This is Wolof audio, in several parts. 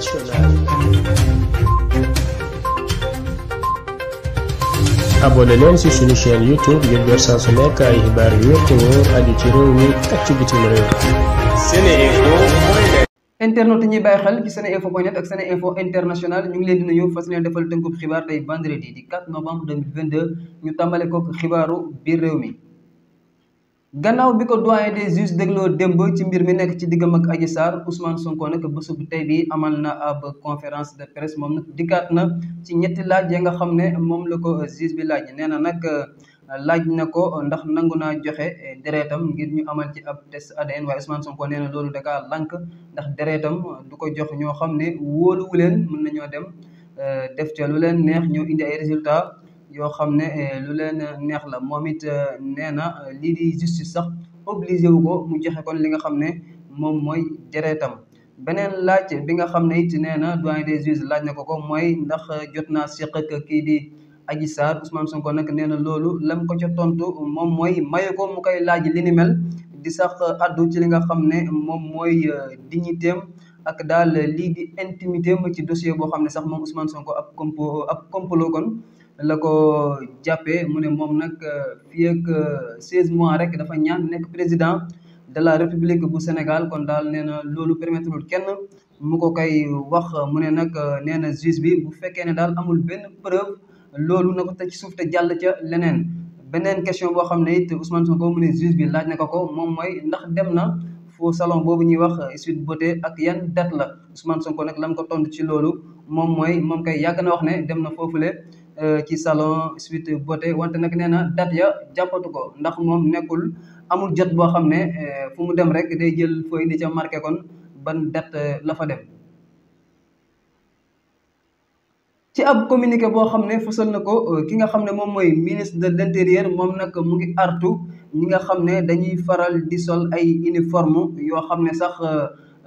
internationale. abonné leen ci suñu chaîne youtube ngir jot saa su nekk xibaar yu wér te ci réew mi ak ci bitim réew. seneinfo. internet ñuy bàyyi xel ci seneinfo.net ak international ñu ngi leen di nuyu fas leen defal tënkub xibaar tey vendredi di 4 novembre 2022 ñu tàmbale ko xibaaru biir réew mi. gannaaw bi ko doyen des juges dégloo démb ci mbir mi nekk ci diggam ak Adji saar Ousmane Sonko nag bésub tey bi amal na ab conférence de presse moom nag dikkaat na ci ñetti laaj ya nga xam ne moom la ko juge bi laaj nee na nag laaj na ko ndax nangu naa joxe deretam ngir ñu amal ci ab test ADN waaye Ousmane Sonko nee na loolu da kaa ndax deretam du ko jox ñoo xam ne wóoluwu leen mën nañoo dem def ca lu leen neex ñoo indi ay résultats. yoo xam ne eh, lu leen neex la moom it eh, nee na eh, lii di justice sax obligé wu ko mu joxe kon li nga xam ne moom mooy deretam beneen laaj bi nga xam ne it nee na doyen des juges laaj na ko ko mooy ndax jot naa seq ak kii di Adji Sarr Ousmane Sonko nag nee na loolu lam ko ca tontu moom moy mayu ko mu koy laaj li ni mel di sax addu ci li nga xam ne moom mooy dignitéem ak daal lii di intimité am ci dossier boo xam ne sax moom Ousmane Sonko ak compo ab complot kon la ko jàppee mu ne moom nag euh, fii ak 16 euh, mois rek dafa ñaan nekk président de la république bu Sénégal kon daal nee na loolu permettre lul kenn mu ko kay wax mu ne nag euh, nee na bi bu fekkee ne daal amul benn preuve loolu na ko teg ci suuf te jàll ca leneen. beneen question boo xam ne it Ousmane Sonko mu ne juge bi laaj na ko ko moom mooy ndax dem na fu salon boobu ñuy wax Sweet Beauté ak yan date la Ousmane Sonko nag lam ko tontu ci loolu moom mooy moom kay yàgg na wax ne dem na foofule. Euh, ci salon suite bote wante nag nee na date ya jàppatu ko ndax moom nekkul amul jot boo xam ne euh, fu mu dem rek day jël fooy indi ca marqué kon ban date euh, lafa fa dem. ci ab communiqué boo xam ne fësal na ko ki nga xam ne moom mooy ministre de l'intérieur moom nag mu ngi artu ñi nga xam ne dañuy faral di sol ay uniforme yoo xam ne sax.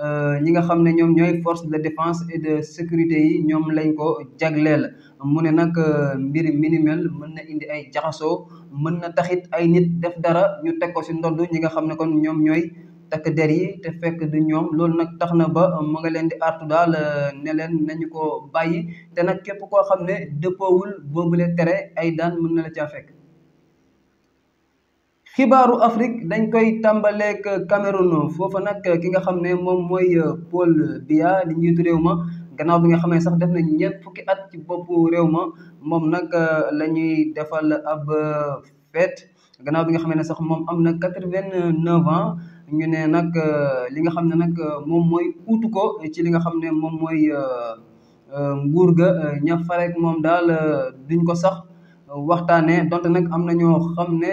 Euh, ñi nga xam ne ñoom ñooy force de défense et de sécurité yi ñoom lañ ko jagleel mu ne nag euh, mbir mi mel mën na indi ay jaxasoo mën na taxit ay nit def dara ñu teg ko ci ndodd ñi nga xam ne kon ñoom ñooy takk der yi te fekk du ñoom loolu nag tax na ba euh, mu nga leen di artu daal ne leen nañu ko bàyyi te nag képp koo xam ne dëppoowul boobule tere ay daan mun na la caa fekk xibaaru Afrique dañ koy tàmbaleeg Cameroun foofa nag ki nga xam ne moom mooy euh, Paul Biya di njiitu réew ma gannaaw bi nga xam ne sax def nañ ñeent fukki at ci boppu réew ma moom nag euh, la ñuy defal ab euh, fête gannaaw bi nga xam ne sax moom am na quatre-vingt-neuf ans ñu ne nag li nga xam ne nag moom mooy uutu ko ci li nga xam ne moom mooy nguur ga ña farek moom daal duñ ko sax waxtaanee dont nag am na ñoo xam ne.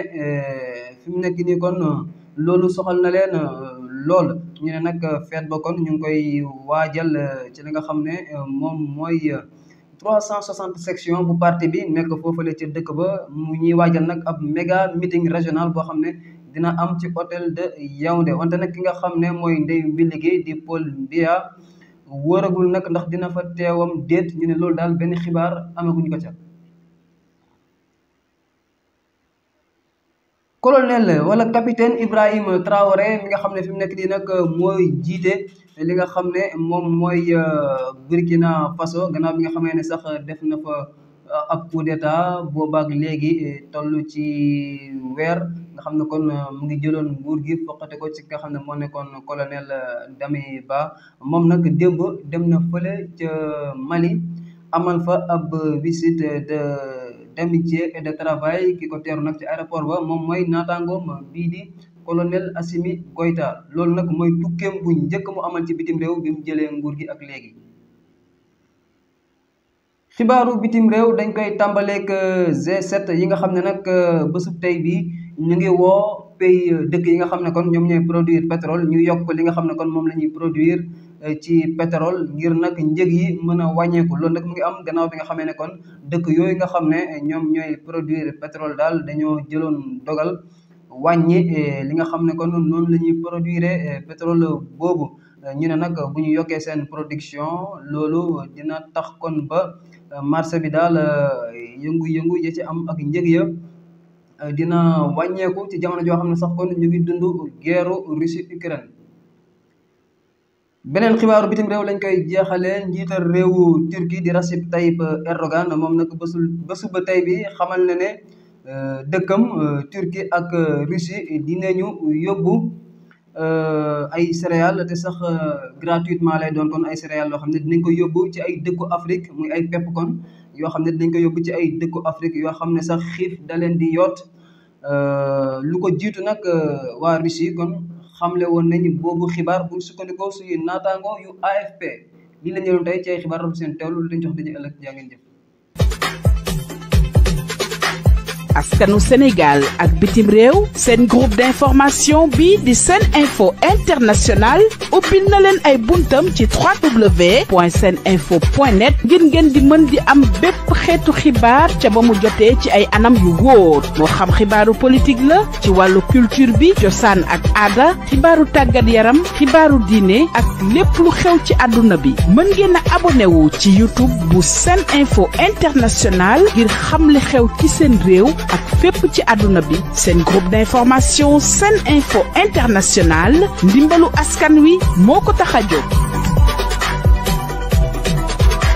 fi mu nekk nii kon loolu soxal na leen lool ñu ne nag feet ba kon ñu koy waajal ci li nga xam ne moom mooy cent 360 section bu parti bi nekk foofale ci dëkk ba mu ñuy waajal nag ab méga meeting régional boo xam ne dina am ci hôtel de Yaoundé wante nag ki nga xam ne mooy ndey mbi liggéey di Paul Biya wóoragul nag ndax dina fa teewam déet ñu ne loolu daal benn xibaar amaguñ ko ca. colonel wala capitaine Ibrahima Traoré mi nga xam ne fi mu nekk nii nag euh, mooy jiite li nga xam ne moom mooy euh, Burkina Faso gannaaw bi nga xamee ne sax def na fa euh, ab coup d'état boobaak léegi toll ci weer nga xam ne kon mu ngi jëloon nguur gi foqate ko ci nga xam ne moo nekkoon colonel Dami Ba moom nag démb dem na fële ca Mali amal fa ab visite de. d'amitié et de travail ki ko teeru nag ci aéroport ba moom mooy naataangoom bii di colonel Assimi Goïta loolu nag mooy tukkeem bu njëkk mu amal ci bitim réew bi mu jëlee nguur gi ak léegi. xibaaru bitim réew dañ koy tàmbaleeg euh, G7 yi nga xam ne nag euh, bésub tey bi ñu ngi woo pays euh, dëkk yi nga xam ne kon ñoom ñooy produire pétrole ñu yokk li nga xam ne kon moom la ñuy produire. ci pétrole ngir nag njëg yi mën a wàññeeku loolu nag mu ngi am gannaaw bi nga xamee ne kon dëkk yooyu nga xam ne ñoom ñooy produire pétrole daal dañoo jëloon dogal wàññi e, li nga xam ne kon noonu la ñuy produire e, pétrole boobu ñu ne nag bu ñu yokkee seen production loolu dina tax kon ba marché bi daal e, yëngu-yëngu ya ci am ak njëg ya dina wàññeeku ci jamono joo xam ne sax kon ñu ngi dund guerre Russie Ukraine beneen xibaaru bitim réew lañ koy jeexale njiital réewu Turquie di Recep Tayyip Erdogan moom nag bésul bésu ba tey bi xamal na ne euh, dëkkam euh, Turquie ak euh, Russie dinañu yóbbu ay céréales te sax gratuitement lay doon kon ay céréales yoo xam ne dinañ ko yóbbu ci ay dëkku Afrique muy ay pepp yoo xam ne dinañ ko yóbbu ci ay dëkku Afrique yoo xam ne sax xiif da leen di yoot lu ko jiitu nag waa Russie kon. xamle woon nañu boobu xibaar bu sukkandikoo suñu naataango yu AFP lii ay xibaar rafet seen teewlu lu leen jox dañuy ëllëg jaa ngeen jëf. askanu Sénégal ak bitim réew seen groupe d'information bi di seen info international ubbil na leen ay buntam ci seen info www.seninfo.net ngir ngeen di mën di am bépp xeetu xibaar ca ba mu jotee ci ay anam yu wóor moo xam xibaaru politique la ci wàllu culture bi cosaan ak aada xibaaru tàggat yaram xibaaru diine ak lépp lu xew ci àdduna bi mën ngeen a abonné ci YouTube bu Sene Info International ngir xam li xew ci seen réew ak fépp ci àdduna bi seen groupe d'information Sene Info International ndimbalu askan wi moo ko tax a jóg